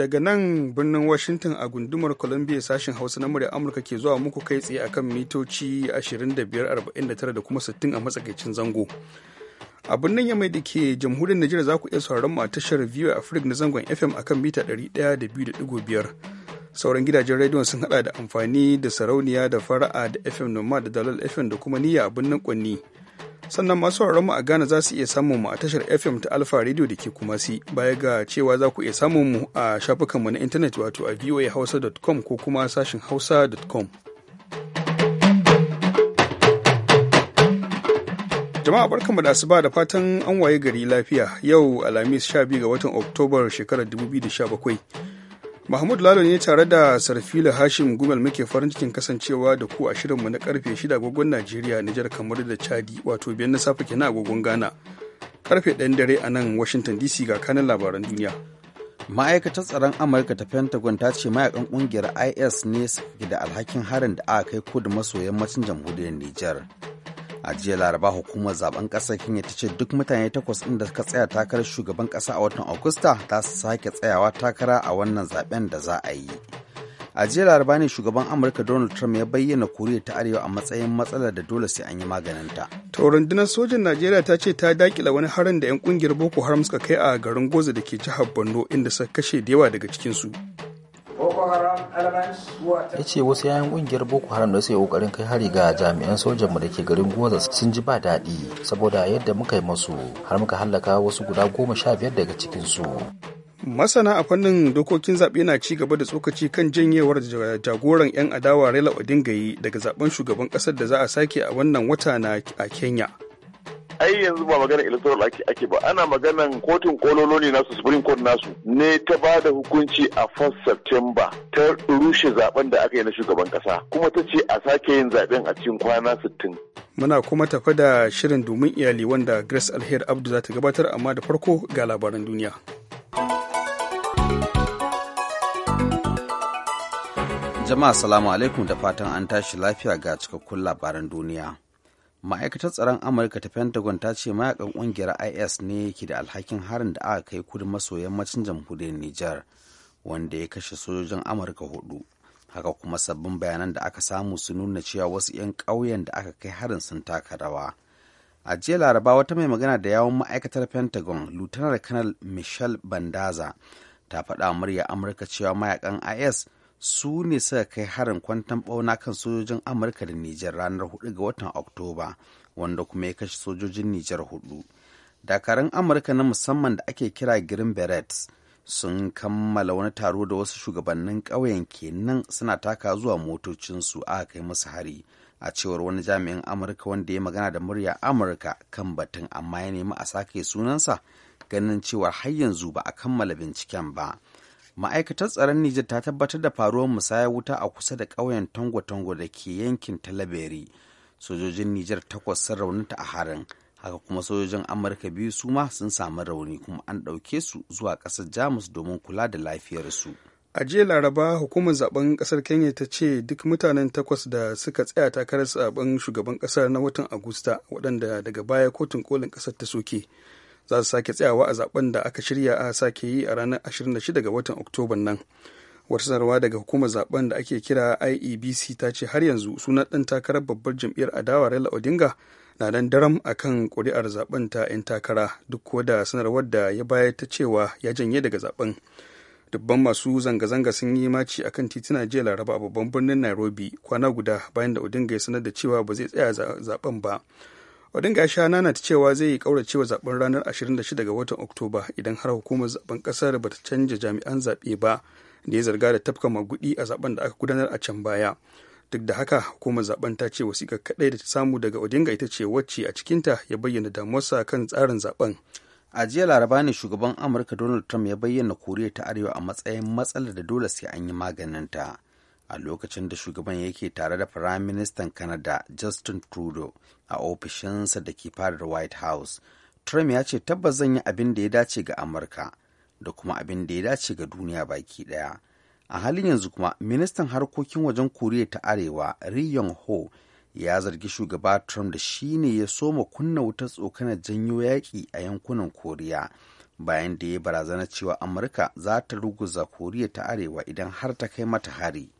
daga nan birnin washington a gundumar columbia sashen hausa na murya amurka ke zuwa muku kai tsaye akan mitoci 2549 da kuma 60 a matsakaicin zango a birnin yamai da ke jamhuriyar najeriya za ku iya sauraron mu a tashar a africa na zangon fm akan mita 102.5 sauran gidajen rediyon sun hada da amfani da sarauniya da fara'a da fm noma da dalal fm da kuma niyya a birnin kwanni sannan masu mu a Ghana za su iya samun mu a tashar FM ta Alpha Radio da ke kuma si baya ga cewa za ku iya samun mu a shafukanmu na intanet wato a voahausa.com ko kuma sashin hausa.com. Jama'a barkanmu da asuba da fatan an waye gari lafiya yau Alhamis 12 ga watan Oktobar shekarar 2017. Mahmud Lalo ne tare da Sarfila Hashim Gumel muke farin cikin kasancewa da ku a shirinmu na karfe 6 agogon Najeriya, Nijar, kamar da Chadi, wato biyan na safe kenan agogon Ghana. Karfe ɗan dare a nan Washington DC ga kanan labaran duniya. Ma'aikatar tsaron Amurka ta Pentagon ta ce mayakan kungiyar IS ne da alhakin harin da aka kai kudu maso yammacin jamhuriyar Nijar. a jiya laraba hukumar zaben kasar kenya ta ce duk mutane takwas inda da suka tsaya takarar shugaban ƙasa a watan agusta ta su sake tsayawa takara a wannan zaben da za a yi a jiya laraba ne shugaban amurka donald trump ya bayyana koriya ta arewa a matsayin matsalar da dole sai an yi maganinta to rundunar sojin najeriya ta ce ta dakila wani harin da 'yan kungiyar boko haram suka kai a garin goza da ke jihar borno inda suka kashe da yawa daga cikinsu ya ce wasu yayan kungiyar boko haram da suke kokarin kai hari ga jami'an sojanmu da ke garin goza sun ji ba daɗi saboda yadda muka yi masu har muka hallaka wasu guda goma sha biyar daga cikinsu masana a fannin dokokin zaɓe na ci gaba da tsokaci kan janyewar jagoran 'yan adawa raila odinga daga zaben shugaban ƙasar da za a sake a wannan wata na a kenya ai yanzu ba magana electoral ake ake ba ana maganan kotun kololo ne nasu supreme court nasu ne ta ba da hukunci a 1 september ta rushe zaben da aka yi na shugaban kasa kuma ta ce a sake yin zaben a cikin kwana 60 muna kuma tafi da shirin domin iyali wanda grace alheri abdu za ta gabatar amma da farko ga labaran duniya jama'a salamu alaikum da fatan an tashi lafiya ga cikakkun labaran duniya ma'aikatar tsaron amurka ta pentagon ta ce mayakan ƙungiyar is ne ke da alhakin harin da aka kai kudu maso yammacin jamhuriyar niger wanda ya kashe sojojin amurka hudu haka kuma sabbin bayanan da aka samu su nuna cewa wasu 'yan ƙauyen da aka kai harin sun taka rawa a jiya laraba wata mai magana da yawon ma'aikatar pentagon lieutenant colonel michelle bandaza ta faɗa murya amurka cewa mayakan is su ne suka kai harin kwantan bauna kan sojojin amurka da nijar ranar 4 ga watan oktoba wanda kuma ya kashe sojojin nijar hudu dakarun amurka na musamman da ake kira green berets sun kammala wani taro da wasu shugabannin ƙauyen kenan suna taka zuwa motocinsu a kai musu hari a cewar wani jami'in amurka wanda ya magana da murya amurka kan batun amma ya nemi a sake sunansa ganin cewar har yanzu ba a kammala binciken ba ma'aikatar tsaron Nijar ta tabbatar da faruwar musayar wuta a kusa da ƙauyen tango-tango da ke yankin talaberi sojojin Nijar takwas sun raunata a harin haka kuma sojojin amurka biyu su ma sun samu rauni kuma an ɗauke su zuwa ƙasar jamus domin kula da lafiyar su. a jiya laraba hukumar zaben ƙasar kenya ta ce duk mutanen takwas da suka tsaya takarar zaben shugaban ƙasar na watan agusta waɗanda daga baya kotun kolin ƙasar ta soke za su sake tsayawa a zaben da aka shirya a sake yi a ranar 26 ga watan oktoban nan wata sanarwa daga hukumar zaben da ake kira iebc ta ce har yanzu sunan ɗan takarar babbar jam'iyyar adawa raila odinga na dan daram a kan ƙuri'ar zaben ta 'yan takara duk kuwa da sanarwar da ya bayar ta cewa ya janye daga zaben dubban masu zanga-zanga sun yi maci akan tituna jiya laraba a babban birnin nairobi kwana guda bayan da odinga ya sanar da cewa ba zai tsaya zaben ba odinga sha nana ta cewa zai kaurace wa zaben ranar 26 ga watan oktoba idan har hukumar zaben kasar ta canja jami'an zaɓe ba da ya zarga da tafka magudi a zaben da aka gudanar a can baya duk da haka hukumar zaben ta ce wasiƙa kaɗai da ta samu daga odinga ita ce wacce a cikinta ya bayyana damuwarsa kan tsarin zaben a jiya laraba ne shugaban amurka donald trump ya bayyana koriya ta arewa a matsayin matsalar da dole sai an yi maganin ta. a lokacin da shugaban yake tare da Prime Minister Canada Justin Trudeau a ofishinsa da ke fadar White House. Trump ya ce tabbas zan yi abin da ya dace ga Amurka da kuma abin da ya dace ga duniya baki ɗaya. A halin yanzu kuma, ministan harkokin wajen Koriya ta Arewa, Ri Yong Ho, ya zargi shugaba Trump da shi ne ya soma kunna wuta tsokanar janyo yaƙi a yankunan Koriya, bayan da ya barazana cewa Amurka za ta ruguza Koriya ta Arewa idan har ta kai mata hari.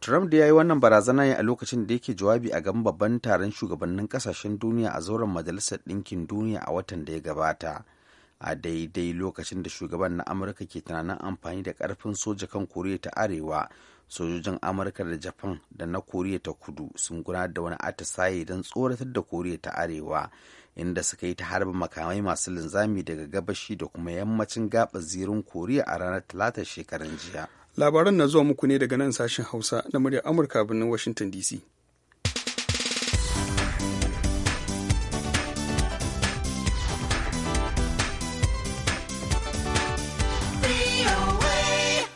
Trump da ya yi wannan barazana ne a lokacin da yake jawabi a gaban babban taron shugabannin kasashen duniya a zauren Majalisar Ɗinkin Duniya a watan da ya gabata. A daidai lokacin da shugaban na Amurka ke tunanin amfani da karfin soja kan Koriya ta Arewa, sojojin Amurka da Japan da na Koriya ta Kudu sun gudanar da wani atisaye don tsoratar da Koriya ta Arewa inda suka yi ta harbin makamai masu linzami daga gabashi da kuma yammacin gaɓa zirin koriya a ranar talata shekaran jiya labaran na zuwa muku ne daga nan sashen hausa na muryar amurka birnin washington dc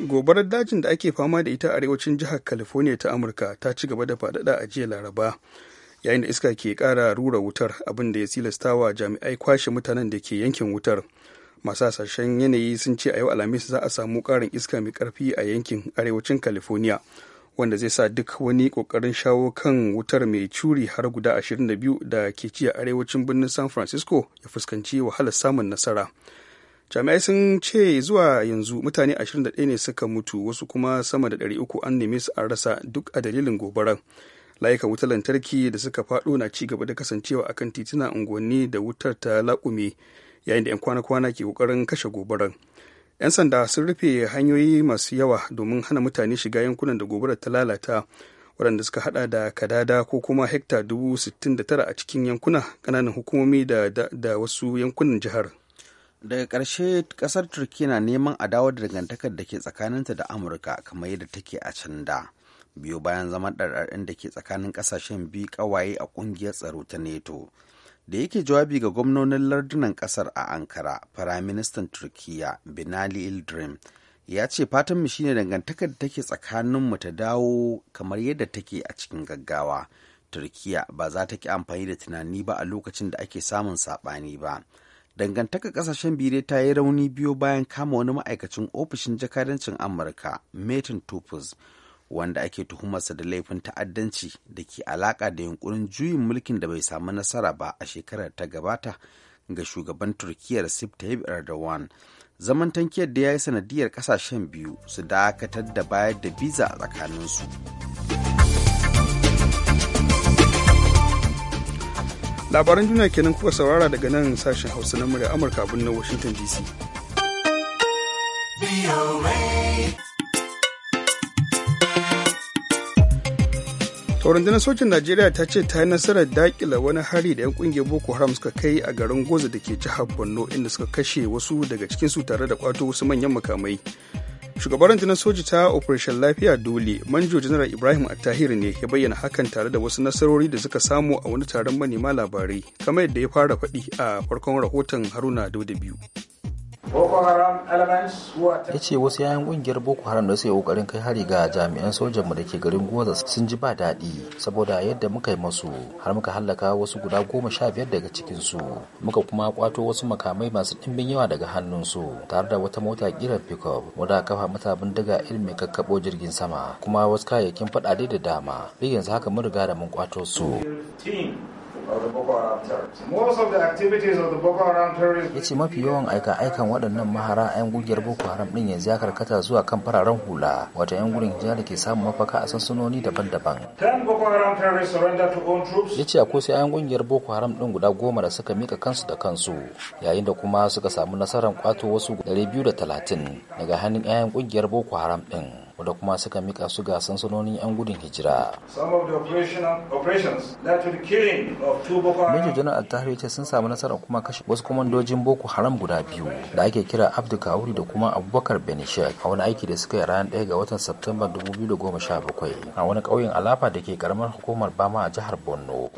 gobarar dajin da ake fama da ita arewacin jihar california ta amurka ta ci gaba da faɗaɗa a jiya laraba yayin da iska ke kara rura wutar abin da ya wa jami'ai kwashe mutanen da ke yankin wutar masu hasashen yanayi sun ce a yau alhamis za a samu karin iska mai karfi a yankin arewacin california wanda zai sa duk wani kokarin shawo kan wutar mai curi har guda 22 da ke ci a arewacin birnin san francisco ya fuskanci wahalar samun nasara jami'ai sun ce zuwa yanzu mutane 21 ne suka mutu wasu kuma sama da 300 an neme su an rasa duk a dalilin gobarar layukan wutar lantarki da suka faɗo na ci gaba da kasancewa akan tituna unguwanni da wutar ta laƙume yayin da 'yan kwana-kwana ke ƙoƙarin kashe gobarar 'yan sanda sun rufe hanyoyi masu yawa domin hana mutane shiga yankunan da gobarar ta lalata waɗanda suka hada da kadada ko kuma hekta dubu sittin da tara a cikin yankuna ƙananan hukumomi da, da, wasu yankunan jihar daga ƙarshe ƙasar turkiyya na neman a dawo da dangantakar da ke tsakaninta da amurka kamar yadda take a can da biyu bayan zama ɗarɗarɗin da ke tsakanin ƙasashen biyu ƙawaye a ƙungiyar tsaro ta neto da yake jawabi ga gwamnonin lardunan ƙasar a ankara firaministan turkiya binali ildrim ya ce fatanmu shine dangantakar da take tsakaninmu ta dawo kamar yadda take a cikin gaggawa turkiya ba za ta ki amfani da tunani ba a lokacin da ake samun saɓani ba dangantaka ƙasashen biyu ta yi rauni biyu bayan kama wani ma'aikacin ofishin jakadancin amurka metin tupus wanda ake tuhumarsa da laifin ta'addanci da ke alaƙa da yunkurin juyin mulkin da bai samu nasara ba a shekarar ta gabata ga shugaban turkiyya recep tayyip erdogan zaman tankiyar da ya yi sanadiyar kasashen biyu su dakatar da bayar da biza a tsakaninsu labaran duniya kenan kuka saurara daga nan sashen hausa na murya amurka birnin washington dc to rundunar sojin najeriya ta ce ta yi nasarar dakila wani hari da 'yan kungiyar boko haram suka kai a garin goza da ke jihar borno inda suka kashe wasu daga cikin su tare da kwato wasu manyan makamai shugaban rundunar soji ta operation lafiya dole manjo janar ibrahim attahir ne ya bayyana hakan tare da wasu nasarori da suka samu a wani taron manema labarai kamar yadda ya fara faɗi a farkon rahoton haruna dauda biyu ya ce wasu yayan kungiyar boko haram da yi kokarin kai hari ga jami'an sojan mu da ke garin gozas sun ji ba daɗi saboda yadda muka yi masu har muka hallaka wasu guda goma sha biyar daga cikin su muka kuma kwato wasu makamai masu ɗimbin yawa daga hannunsu tare da wata mota kiran pickup wadda kafa mata bindiga irin mai kakkabo jirgin sama kuma wasu kayayyakin faɗaɗe da dama yanzu haka mun riga da mun kwato su ya ce mafi yawan aika-aikan waɗannan mahara 'yan gungiyar boko haram ɗin yanzu ya karkata zuwa kan fararen hula wata 'yan gurin hijira da ke samun mafaka a sansanoni daban-daban ya ce akwai sai 'yan gungiyar boko haram ɗin guda goma da suka mika kansu da kansu yayin da kuma suka samu nasarar kwato wasu 230 daga hannun 'yan gungiyar boko haram ɗin wanda kuma suka mika su ga sansanonin 'yan gudun hijira. Major General Altahri ce sun samu nasarar kuma kashe wasu kwamandojin Boko Haram guda biyu da ake kira Abdu Kawuri da kuma Abubakar Benishek a wani aiki da suka yi ranar 1 ga watan Septemba 2017 a wani ƙauyen Alafa da ke karamar hukumar Bama a jihar Borno.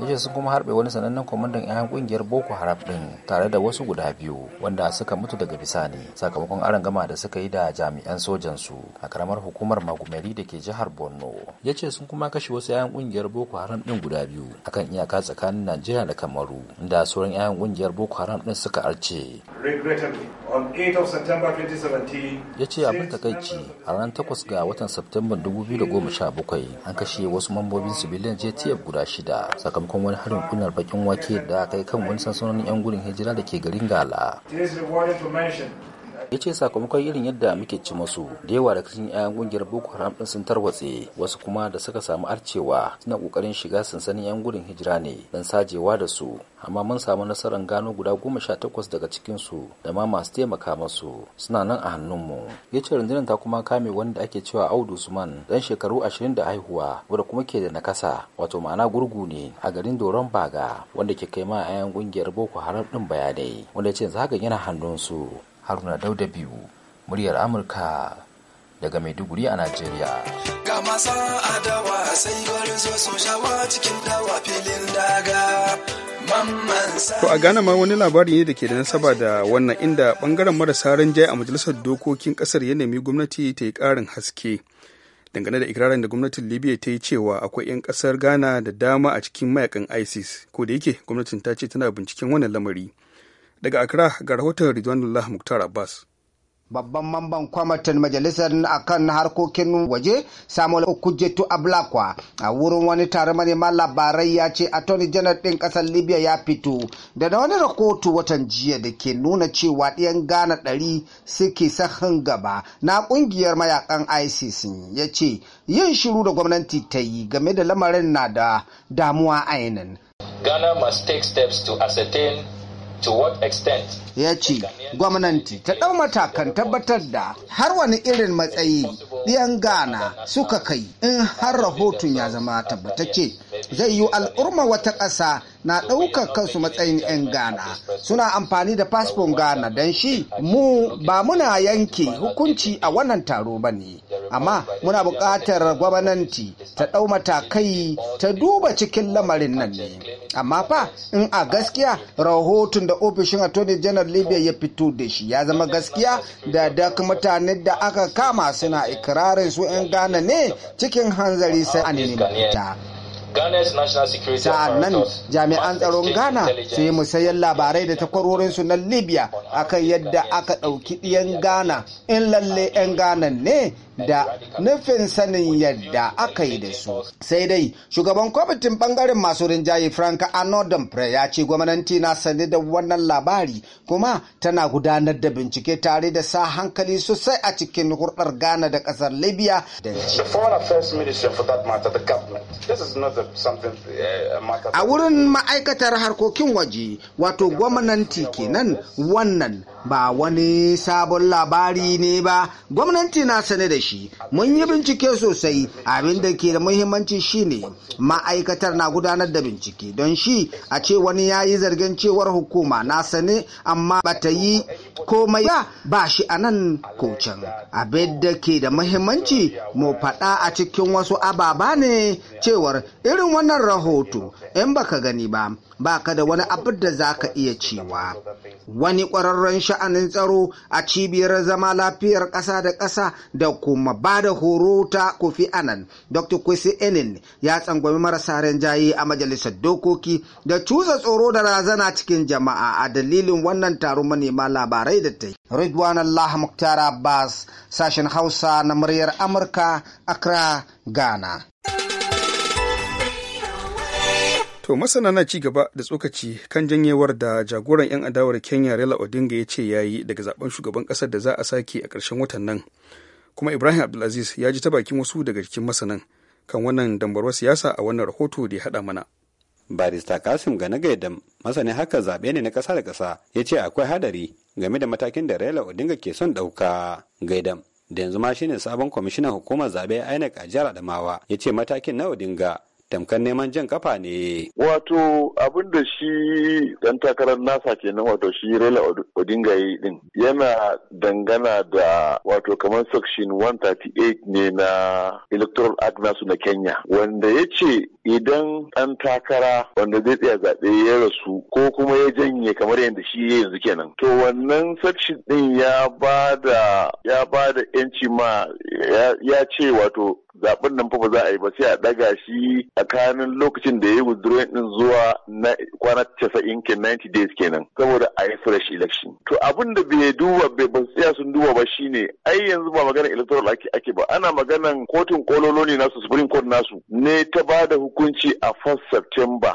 Yace sun kuma harbe wani sanannen kwamandan 'yan kungiyar Boko Haram din tare da wasu guda biyu wanda suka mutu daga bisani sakamakon gama da suka kai da jami'an sojan su a karamar hukumar magumari da ke jihar borno ya ce sun kuma kashe wasu 'ya'yan kungiyar boko haram din guda biyu akan iyaka tsakanin najeriya da kamaru inda sauran 'ya'yan kungiyar boko haram din suka arce ya ce abin takaici a ranar 8 ga watan Satumban 2017 an kashe wasu mambobin sibiliyan JTF guda shida sakamakon wani harin kunar bakin wake da kai kan wani sansanonin 'yan gudun hijira da ke garin Gala. ya ce sakamakon irin yadda muke ci masu da yawa daga cikin 'ya'yan kungiyar boko haram din sun tarwatse wasu kuma da suka samu arcewa suna kokarin shiga sansanin 'yan gudun hijira ne dan sajewa da su amma mun samu nasarar gano guda goma sha takwas daga cikin su da ma masu taimaka masu suna nan a hannunmu ya ce rundunar ta kuma kame wanda ake cewa audu suman dan shekaru ashirin da haihuwa wanda kuma ke da nakasa wato ma'ana gurgu ne a garin doron baga wanda ke kai ma 'ya'yan kungiyar boko haram din bayanai wanda ya ce zagayen hannun su su. haruna dauda biyu muryar amurka daga maiduguri a nigeria. ga adawa sai su shawa cikin dawa filin daga To a gane ma wani labari ne da ke da nasaba da wannan inda bangaren marasa ranjaye a majalisar dokokin kasar ya nemi gwamnati ta yi karin haske dangane da ikirarin da gwamnatin Libya ta yi cewa akwai 'yan kasar Ghana da dama a cikin mayakan ISIS ko da yake gwamnatin ta ce tana binciken wannan lamari. Daga Accra ga rahoton Ridwanullah Muktar Abbas. babban mamban kwamitin majalisar akan harkokin waje samuel okujetu ablakwa a wurin wani tare manema labarai ya ce attorney janar ɗin ƙasar libya ya fito da da wani rahoto watan jiya da ke nuna cewa ɗiyan ghana ɗari suke sahin gaba na ƙungiyar mayakan isis ya ce yin shiru da gwamnati ta yi game da lamarin na da damuwa ainihin. ghana must take steps to ascertain to what extent ya ce gwamnati ta ɗau matakan tabbatar da har wani irin matsayi ɗiyan gana suka kai in har rahoton ya zama tabbatacce zai yi al'umma wata ƙasa na ɗaukar kansu matsayin 'yan ghana suna amfani da fasfon ghana don shi mu ba muna yanke hukunci a wannan taro ba ne amma muna buƙatar gwamnati ta ɗau matakai ta duba cikin lamarin nan ne amma fa in a gaskiya rahoton da ofishin attorney general kasar libya ya fito da shi ya zama gaskiya da duk mutanen da aka kama suna ikirarin su 'yan ghana ne cikin hanzari sai an nemi sa'annan jami'an tsaron ghana su yi musayar labarai da takwarorinsu na libya akan yadda aka ɗauki ɗiyan ghana in lalle 'yan ghana ne da nufin sanin yadda aka yi da su sai dai shugaban kwamitin bangaren masu rinjaye frank anodon ya ce gwamnati na sani da wannan labari kuma tana gudanar da bincike tare da sa hankali sosai a cikin hurɗar ghana da ƙasar libya da Eh, a wurin ma'aikatar harkokin waje wato gwamnati kenan wannan ba wani sabon labari ne ba gwamnati na sane da shi mun yi bincike sosai abin da ke da muhimmanci shine ma'aikatar na gudanar da bincike don shi a ce wani ya yi zargin cewar hukuma na sane amma ba ta yi komai ba shi a nan kocin abin da ke da muhimmanci mu faɗa a cikin wasu ababa ne cewar irin wannan rahoto in baka gani ba ba ka da wani abin da za ka iya cewa wani ƙwararren sha'anin tsaro a cibiyar zama lafiyar ƙasa da ƙasa da kuma ba da horo ta kofi anan dr kwesi enin ya tsangwami marasa jayi a majalisar dokoki da cusa tsoro da razana cikin jama'a a dalilin wannan taron manema labarai da ta yi ridwan allah muktar abbas sashen hausa na muryar amurka accra ghana To masana na ci gaba da tsokaci kan janyewar da jagoran 'yan adawar Kenya Raila Odinga ya ce ya yi daga zaben shugaban ƙasar da za a sake a ƙarshen watan nan. Kuma Ibrahim Abdulaziz ya ji ta bakin wasu daga cikin masanan kan wannan dambarwar siyasa a wannan rahoto da ya haɗa mana. Barista Kasim gaidam masanin haka zaɓe ne na ƙasa da ƙasa ya ce akwai hadari game da matakin da Raila Odinga ke son ɗauka. Gaidam da yanzu ma shine sabon kwamishinan hukumar zaɓe INEC a jihar Adamawa ya ce matakin na Odinga tamkar neman jan kafa ne. Wato abin da shi dan takarar nasa kenan wato shi Rela Odinga yi din yana dangana da wato kamar section 138 ne na electoral act nasu na Kenya wanda ya ce idan ɗan takara wanda zai tsaya zaɓe ya rasu ko kuma ya janye kamar yadda shi ya yanzu kenan. To wannan section din ya ba da ya yanci ma ya ce wato Zaɓen nan fa ba za a yi ba sai a ɗaga shi tsakanin lokacin da ya yi withdrawing din zuwa na kwana 90 ke 90 days kenan saboda a yi fresh election to abin da bai duba bai ba tsaya sun duba ba shine ai yanzu ba magana electoral ake ake ba ana maganan kotun kololo ne nasu supreme court nasu ne ta ba da hukunci a 1 September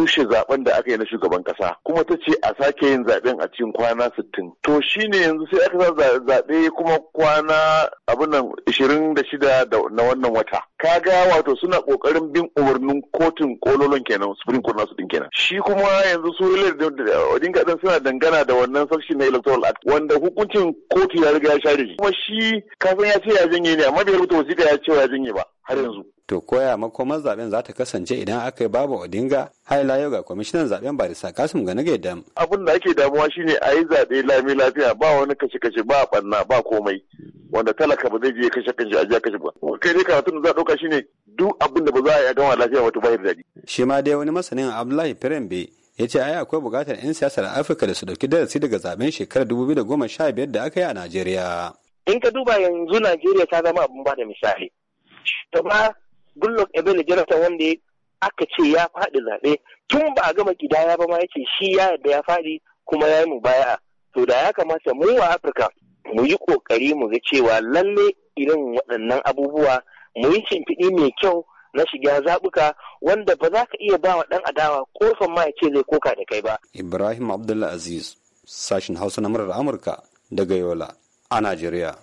rushe zaben da aka yi na shugaban kasa kuma ta ce a sake yin zaben a cikin kwana 60 to shine yanzu sai aka sa zabe kuma kwana abin nan 26 na wannan wata kaga wato suna kokarin bin umarnin kotun kololon kenan supreme court nasu din kenan shi kuma yanzu su dinga dan suna dangana da wannan section na electoral act wanda hukuncin kotu ya riga ya share shi kuma shi kasan ya ce ya janye ne amma bai rubuta wasiƙa ya ce ya janye ba har yanzu to koya makomar zaben za ta kasance idan aka yi babu odinga har layo ga kwamishinan zaben barisa kasim gani gaidam abin da ake damuwa shine a yi zaɓe lami lafiya ba wani kashe kashe ba ɓanna ba komai wanda talaka ba zai je kashe kashe a kashe ba kai ne karatun da za ɗauka shine duk abin da ba za a yi a gama lafiya wato bayar daɗi. shi ma dai wani masanin abdullahi firembe ya ce ai akwai buƙatar 'yan siyasar afirka da su ɗauki darasi daga zaben shekarar 2015 da aka yi a najeriya. in ka duba yanzu najeriya ta zama abin ba da misali. Shugaba Goodluck Ebele Jonathan wanda aka ce ya faɗi zaɓe tun ba a gama kidaya ba ma ya ce shi ya yarda ya faɗi kuma ya yi mu baya to da ya kamata mu wa Afirka mu yi ƙoƙari mu ga cewa lalle irin waɗannan abubuwa mu yi shimfiɗi mai kyau na shiga zaɓuka wanda ba za ka iya ba wa ɗan adawa ƙofan ma ya ce zai koka da kai ba. Ibrahim Abdullah Aziz, sashin Hausa na murar Amurka daga Yola a Najeriya.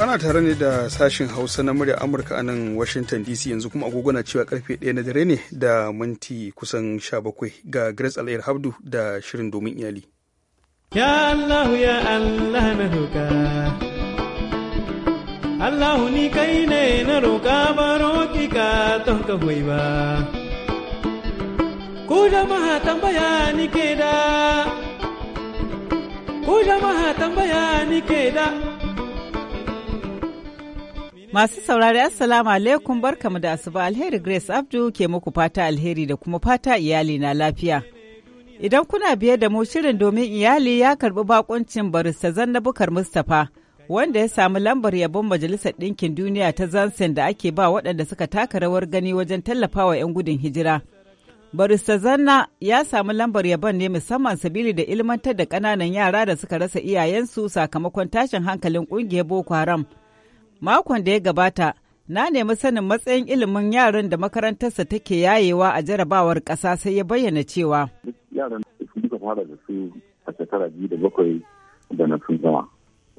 ana tare ne da sashin hausa na murya amurka a nan washington dc yanzu kuma agogona cewa karfe 1 na dare ne da minti kusan 17 ga grace alayar habdu da shirin domin iyali ya allahu ya allah na roka allahu ni kai ne na roka ba roki ka ton ka hoyi ba ku jama'a tambaya ni ke da ku jama'a tambaya ni ke da Masu saurari Assalamu alaikum barkamu da asuba alheri Grace Abdu ke muku fata alheri da kuma fata iyali na lafiya. Idan kuna biye da mu shirin domin iyali ya karbi bakuncin barista zanna bukar Mustapha wanda ya samu lambar yabon Majalisar Ɗinkin Duniya ta Zansen da ake ba waɗanda suka taka rawar gani wajen tallafawa 'yan gudun hijira. Barista Zanna ya samu lambar yabon ne musamman sabili da ilmantar da ƙananan yara da suka rasa iyayensu sakamakon tashin hankalin ƙungiyar Boko Haram. Makon da ya gabata, na nemi sanin matsayin ilimin yaran da makarantarsa take yayewa a jarabawar ƙasa sai ya bayyana cewa. Yaran su duka fara da su a shekara biyu da bakwai da na sun gama.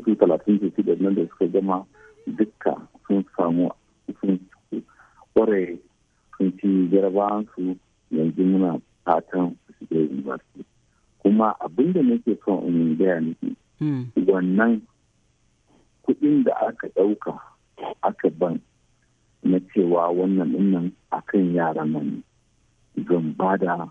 Su talatin da nan da suka gama dukka sun samu sun kware sun ci jarabawansu yanzu muna fatan su je university. Kuma abin da nake son in gaya miki. Hmm. Wannan kuɗin da aka ɗauka aka ban na cewa wannan dinnan a kan yaran nan zan ba da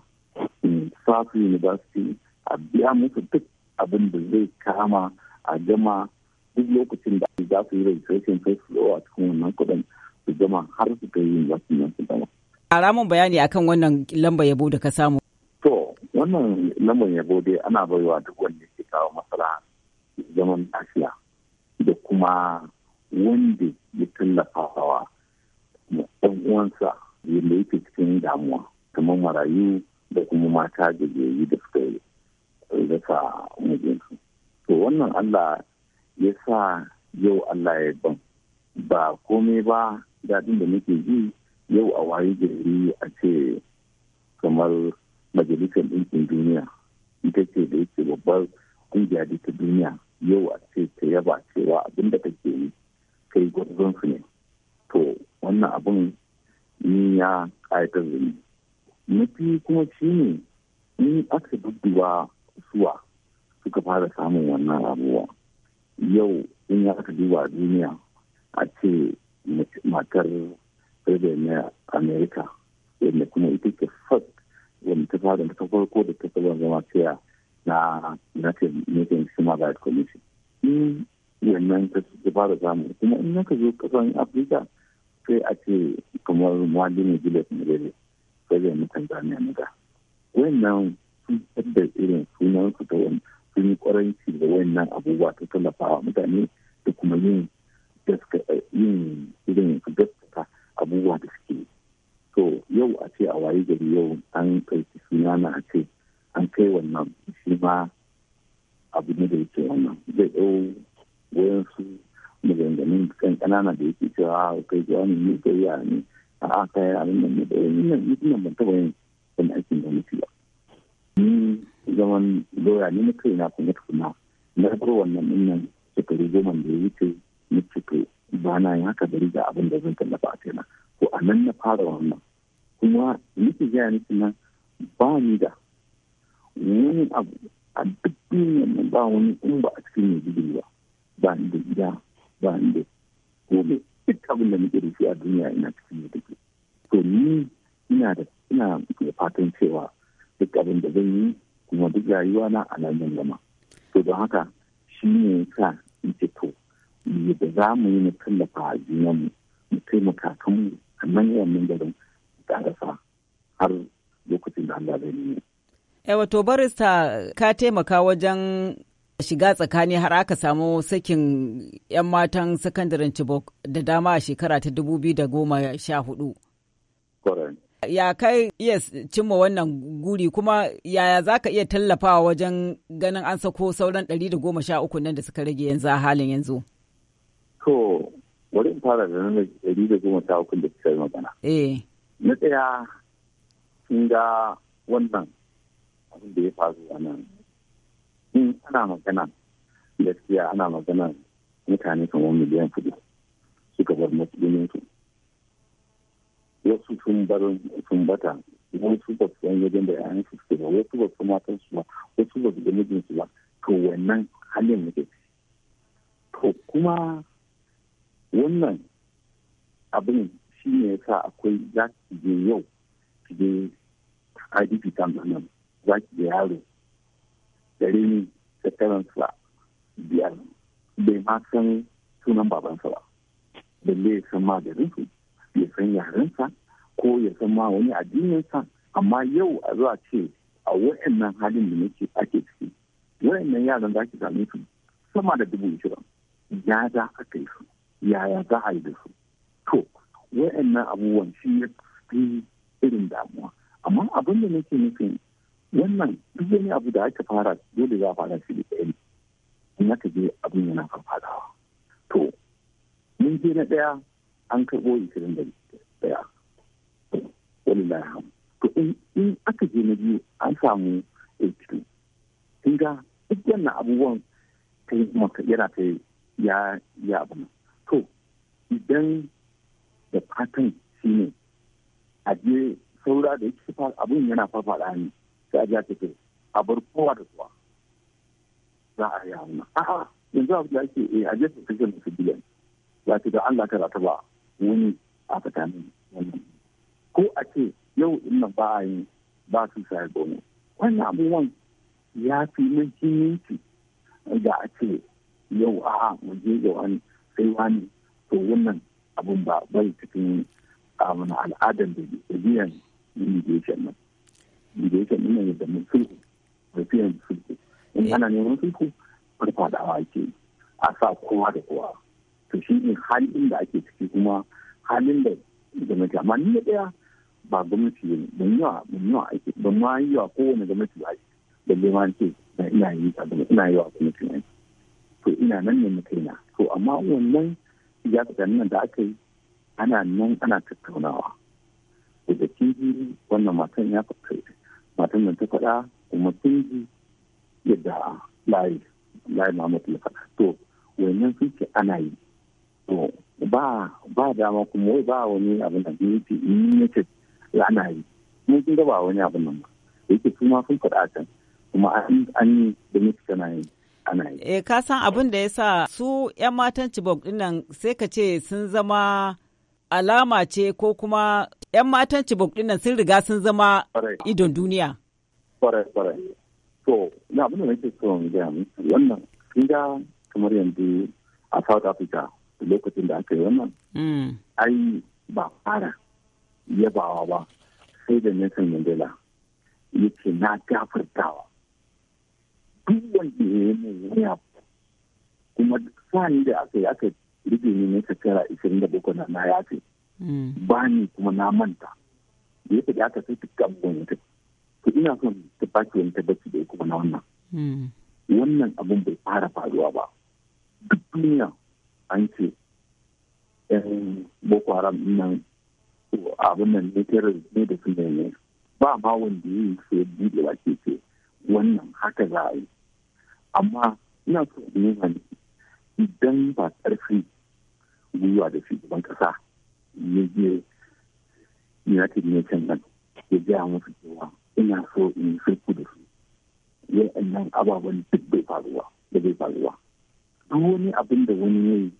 safi university a biya musu duk abin da zai kama a gama duk lokacin da za su yi registration first flow a cikin wannan kuɗin su gama har su kai wasu nan su gama. A ramin bayani akan wannan lambar yabo da ka samu. To, wannan lambar yabo dai ana baiwa duk wanda ke kawo masala zaman lafiya. da kuma wanda ya tallafa ɗan uwansa yadda yake cikin damuwa kamar marayu da kuma mata yi da suka rasa mijinsu to wannan allah ya sa yau allah ya ban ba komai ba daɗin da muke ji yau a waye gari a ce kamar majalisar ɗinkin duniya ita ce da yake babbar ƙungiya ta duniya yau a ce ta yaba cewa abin da take yi kai gwarzon su ne to wannan abin ni ya ƙayatar da ni mafi kuma shi ne in aka dudduba suwa suka fara samun wannan abubuwa yau in ya aka duba duniya a ce matar na amerika yadda kuma ita ke fat wanda ta fara ta farko da ta saba zama cewa na nufin human rights commission in wannan ta fara samu kuma in ka zo kasan afirka sai a ce kamar mwalimu julius murele sai na tanzania na da wannan sun tabbar irin sunan su ta wani sun yi kwaranci da wannan abubuwa ta tallafawa mutane da kuma yin yin irin gaskata abubuwa da suke so yau a ce a waye gari yau an kai suna na a ce an kai wannan shi ma abu ne da ce wannan zai ɗau wayan su maganganun kan ƙanana da yake cewa ah, kai zuwa ne ne kai yara ne a aka yi abin nan ne da yin nan nan ban taɓa yin ban aikin da nufi ba. Ni zaman doya ne na kai na kuma tukuna na ɗaukar wannan ɗin nan shekaru goma da ya wuce na cike ba na yin haka gari da abin da zan tallafa a na ko a nan na fara wannan kuma nake gaya nake nan ba ni da wani abu a duk duniyar nan ba wani in ba a cikin maiduguri ba ba ni da gida ba ni da kome duk abin da muke da shi a duniya ina cikin yanzu ke. to ni ina da ina fatan cewa duk abin da zan yi kuma duk rayuwa na a nan gama to don haka shi ne sa in ce to da za mu yi mu tallafa a junanmu mu taimaka kanmu a nan yawan garin ƙarasa har lokacin da Allah zai nuna E wato barista ka taimaka wajen shiga tsakani har aka samu sakin 'yan matan sakandaren Chibok da dama a shekara ta 2014. Ya kai iya cimma wannan guri kuma yaya za ka iya tallafawa wajen ganin an sako sauran 113 nan da suka rage yanzu a halin yanzu? To, wurin fara da nan 113 da suka yi magana. Eh. Na tsaya, ga wannan abin da ya faru a nan in ana magana gaskiya ana magana mutane kamar miliyan kudu suka bar matsalolin su wasu sun bar sun bata wasu ba su yan wajen da yayan su suke ba wasu ba su matan su ba wasu ba su gani su ba to wannan halin muke to kuma wannan abin shi ne yasa akwai za su je yau su je a IDP camp nan zaki da yaro gare ni shekaransa biyar bai ma san sunan babansa ba balle ya san ma ya san yarensa ko ya san ma wani addininsa amma yau a zuwa ce a wayannan halin da nake ake ciki wayannan yaran za ki same su sama da dubu shida ya za a kai su yaya za a yi da su to wayannan abubuwan shi ya fi irin damuwa amma abin da nake nufin wannan duk wani abu da aka fara dole za a fara shi da ɗaya in aka je abin yana farfadawa to mun je na ɗaya an karɓo ishirin da ɗaya wani na to in aka je na biyu an samu 82 sun ga duk wannan abubuwan ta yi yana ta ya ya abu to idan da fatan ne a je saura da yake abin yana farfada ne sai a biya tafi a bar kowa da kowa za a yi hannu a'a yanzu abu da ake eh a jefa kashe da su za ta ga Allah kada ta ba wani a tsakanin wannan ko a ce yau in nan ba a yi ba su sa gome wannan abubuwan ya fi muhimmanci da a ce yau a'a mu je ga wani sai wani to wannan abun ba bai cikin ah, al'adar da biyan immigration nan mediation din nan yadda mun sulhu tafiyar sulhu in eh. ana neman sulhu farfadawa ake a sa kowa da kowa to shi ne halin da ake ciki kuma halin da gwamnati amma ni na ɗaya ba gwamnati ne ban yawa ban yawa ake ban ma yi wa kowane gwamnati ba ake balle ma ce na ina yi a ina yi wa gwamnati ne to ina nan ne na kaina to amma wannan ya tsakanin nan da aka yi ana nan ana tattaunawa da kinji wannan matan ya fita matan nan ta faɗa kuma sun ji yadda layi layi Muhammad ya faɗa to wannan sun ce ana yi to ba ba dama kuma wai ba wani abin da ya ce in ne ce ana yi mun kin ga ba wani abin nan ba yake kuma sun faɗa can kuma an yi da mutu tana yi ana yi. E, ka san abin da ya sa su 'yan matan cibok dinnan sai ka ce sun zama alama ce ko kuma 'yan matan Chibok dinnan sun riga sun zama idon duniya. Kwarai, kwarai. To, na abin da nake so in gaya miki wannan sun ga kamar yanzu a South Africa lokacin da aka yi wannan. Mm. Ai ba fara yabawa ba sai da Nelson Mandela yake na gafartawa. Duk wanda ya yi mai kuma sani da aka yi aka rige ne na kara 27 na ya ce. Mm. ba ni kuma na manta da ya faɗi aka sai ta gabbon ta to ina son ta baki wani tabbaci da kuma na wannan mm. wannan abin bai fara faruwa ba duk duniya an ce yan boko haram nan abin nan ne terror ne da sun ne ba ma wanda ya yi sai buɗe ba ke ce wannan haka za a yi amma ina so in yi idan ba ƙarfi gwiwa da shugaban ƙasa ya je united nations nan ya a musu cewa ina so in yi sulku da su nan ababen duk bai faruwa da bai faruwa duk wani abin da wani ya yi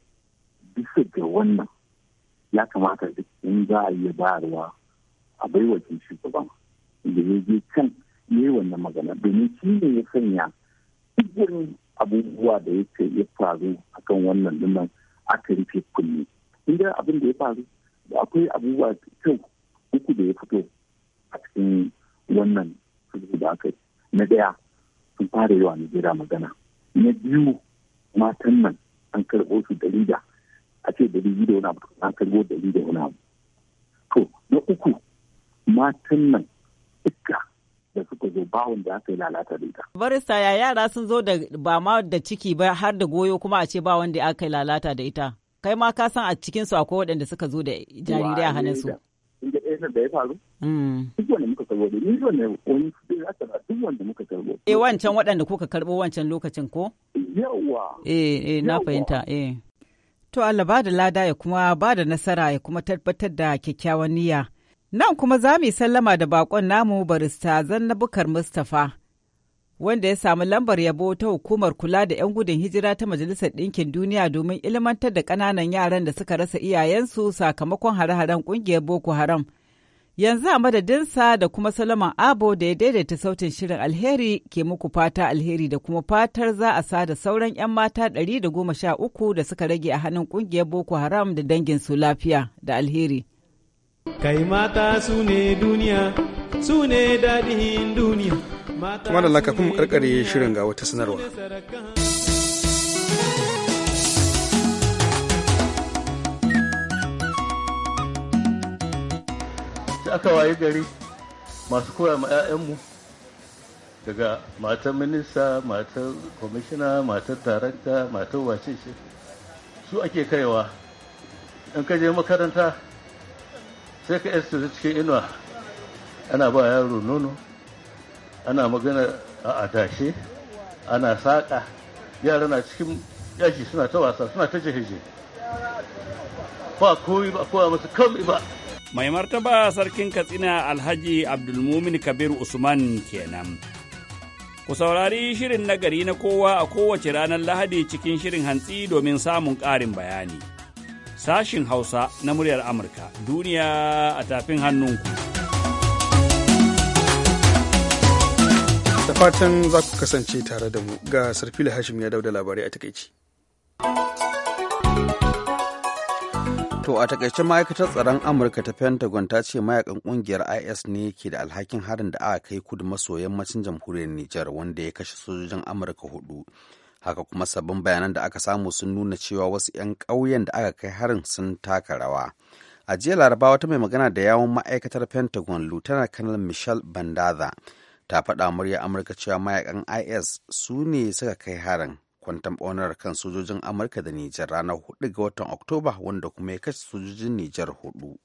bisa ga wannan ya kamata duk in za a yi bayarwa a bai wajen shugaban da ya je can ya yi wannan magana domin shi ne ya sanya duk abubuwa da ya ya faru akan wannan dinnan aka rufe kunne inda abin da ya faru akwai abubuwa kyau uku da ya fito a cikin wannan sulhu da aka na ɗaya sun fara yawa jira magana na biyu matan nan an karɓo su dari da a ce dari da wani abu an karɓo dari da wani abu to na uku matan nan duka da suka zo bawon da aka yi lalata da ita. Barista ya yara sun zo da ba ma da ciki ba har da goyo kuma a ce ba wanda aka yi lalata da ita. kai ma ka san a cikin su akwai waɗanda suka zo da jarirai a hannun su da ya faru mm. duk wanda muka karbo da ni wanda wani duk wanda muka karbo eh wancan waɗanda kuka karbo wancan lokacin ko Yawwa. eh eh na fahimta eh to Allah ba da lada ya kuma ba da nasara ya kuma tabbatar da kyakkyawan niyya nan kuma za mu sallama da bakon namu barista zannabukar Mustapha wanda ya samu lambar yabo ta hukumar kula da 'yan gudun hijira ta Majalisar Ɗinkin Duniya domin ilmantar da ƙananan yaran da suka rasa iyayensu sakamakon hare-haren ƙungiyar Boko Haram. Yanzu a madadinsa da kuma Solomon Abo da ya daidaita sautin shirin alheri ke muku fata alheri da kuma fatar za a da sauran 'yan mata ɗari da goma uku da suka rage a hannun ƙungiyar Boko Haram da danginsu lafiya da alheri. Kai mata su ne duniya, su ne daɗin duniya. kuma da lakafin karkare shirin ga wata sanarwa aka wayi gari masu koya ma 'ya'yanmu daga matan minista matan kwamishina matan tarakta matan wace ce su ake kaiwa in ka je makaranta sai ka su cikin inuwa ana ba yaro nono ana magana a adashe ana saƙa yara na cikin yaji suna ta wasa suna ta jihe ba koyi ba kowa masu kalli ba mai martaba sarkin katsina alhaji abdulmumin kabir usman kenan ku saurari shirin nagari na kowa a kowace ranar lahadi cikin shirin hantsi domin samun ƙarin bayani sashin hausa na muryar amurka duniya a tafin hannunku Da fatan za ku kasance tare da mu ga Sarfila Hashim ya dauda labarai a takaici. To a takaice ma'aikatar tsaron Amurka ta Pentagon ta ce mayakan kungiyar IS ne ke da alhakin harin da aka kai kudu maso yammacin jamhuriyar Nijar wanda ya kashe sojojin Amurka hudu. Haka kuma sabbin bayanan da aka samu sun nuna cewa wasu 'yan ƙauyen da aka kai harin sun taka rawa. A jiya Laraba wata mai magana da yawon ma'aikatar Pentagon Lieutenant Colonel Michelle Bandaza ta faɗa murya amurka cewa mayakan is su ne suka kai harin kwantan ɓaunar kan sojojin amurka da nijar ranar 4 ga watan oktoba wanda kuma ya kashe sojojin nijar hudu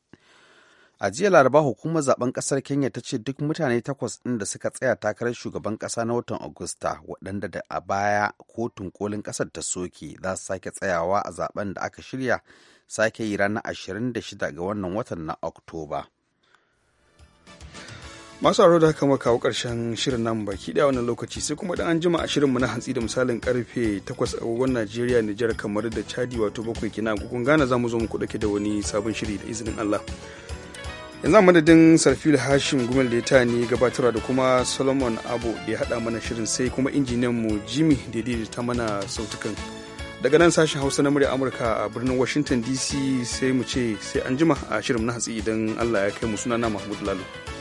a jiya laraba hukumar zaben kasar kenya ta ce duk mutane takwas inda da suka tsaya takarar shugaban kasa na watan agusta waɗanda da a baya kotun kolin kasar ta soke za su sake tsayawa a zaben da aka shirya sake yi ranar 26 ga wannan watan na oktoba masu aro da haka kawo karshen shirin nan baki daya wannan lokaci sai kuma dan an jima a shirinmu na hantsi da misalin karfe 8 agogon Najeriya Nijar kamar da Chadi wato bakwai kina agogon Ghana za mu zo muku dauke da wani sabon shiri da izinin Allah yanzu madadin Sarfil Hashim Gumel da ta ne gabatarwa da kuma Solomon Abu da ya hada mana shirin sai kuma injiniyan mu Jimmy da ta mana sautukan daga nan sashen Hausa na murya Amurka a birnin Washington DC sai mu ce sai an jima a shirin na hatsi idan Allah ya kai mu sunana Mahmud lalu.